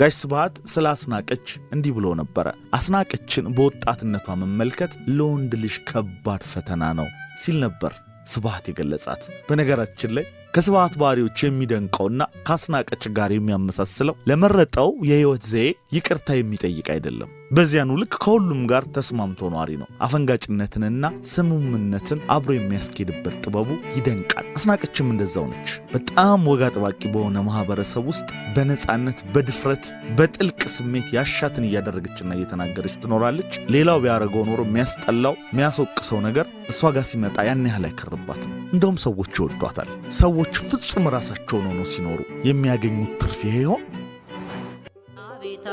ጋሽ ስብሃት ስለ አስናቀች እንዲህ ብሎ ነበረ። አስናቀችን በወጣትነቷ መመልከት ለወንድ ልጅ ከባድ ፈተና ነው ሲል ነበር። ስብሐት የገለጻት። በነገራችን ላይ ከስብሐት ባህሪዎች የሚደንቀውና ከአስናቀች ጋር የሚያመሳስለው ለመረጠው የህይወት ዘዬ ይቅርታ የሚጠይቅ አይደለም። በዚያኑ ልክ ከሁሉም ጋር ተስማምቶ ኗሪ ነው። አፈንጋጭነትንና ስምምነትን አብሮ የሚያስኬድበት ጥበቡ ይደንቃል። አስናቀችም እንደዛው ነች። በጣም ወግ አጥባቂ በሆነ ማህበረሰብ ውስጥ በነፃነት በድፍረት፣ በጥልቅ ስሜት ያሻትን እያደረገችና እየተናገረች ትኖራለች። ሌላው ቢያደርገው ኖሮ የሚያስጠላው የሚያስወቅሰው ነገር እሷ ጋር ሲመጣ ያን ያህል አይከርም። አይኖርባትም። እንደውም ሰዎች ይወዷታል። ሰዎች ፍጹም ራሳቸውን ሆኖ ሲኖሩ የሚያገኙት ትርፍ ይሄ ይሆን? አቤት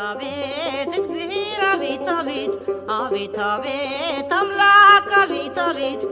እግዚአብሔር አቤት አቤት አቤት አቤት አምላክ አቤት አቤት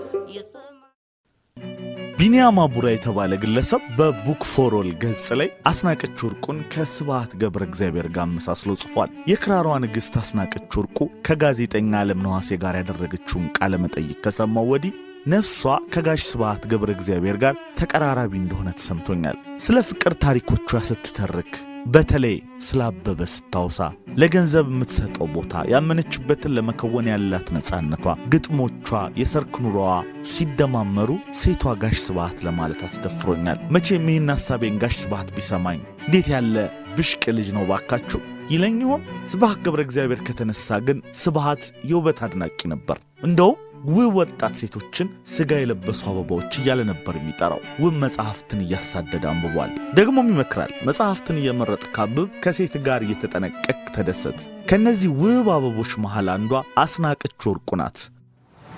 አቡራ የተባለ ግለሰብ በቡክ ፎሮል ገጽ ላይ አስናቀች ወርቁን ከስብሃት ገብረ እግዚአብሔር ጋር አመሳስሎ ጽፏል። የክራሯ ንግሥት አስናቀች ወርቁ ከጋዜጠኛ ዓለም ነዋሴ ጋር ያደረገችውን ቃለ መጠይቅ ከሰማው ወዲህ ነፍሷ ከጋሽ ስብዓት ገብረ እግዚአብሔር ጋር ተቀራራቢ እንደሆነ ተሰምቶኛል። ስለ ፍቅር ታሪኮቿ ስትተርክ በተለይ ስላበበ ስታውሳ ለገንዘብ የምትሰጠው ቦታ፣ ያመነችበትን ለመከወን ያላት ነፃነቷ፣ ግጥሞቿ፣ የሰርክ ኑሮዋ ሲደማመሩ ሴቷ ጋሽ ስብዓት ለማለት አስደፍሮኛል። መቼም ይህን ሐሳቤን ጋሽ ስብዓት ቢሰማኝ እንዴት ያለ ብሽቅ ልጅ ነው ባካችሁ ይለኝ ይሆን? ስብሐት ገብረ እግዚአብሔር ከተነሳ ግን ስብሐት የውበት አድናቂ ነበር። እንደውም ውብ ወጣት ሴቶችን ስጋ የለበሱ አበባዎች እያለ ነበር የሚጠራው። ውብ መጽሐፍትን እያሳደደ አንብቧል። ደግሞም ይመክራል፣ መጽሐፍትን እየመረጥ ካብብ፣ ከሴት ጋር እየተጠነቀቅ ተደሰት። ከእነዚህ ውብ አበቦች መሃል አንዷ አስናቀች ወርቁ ናት።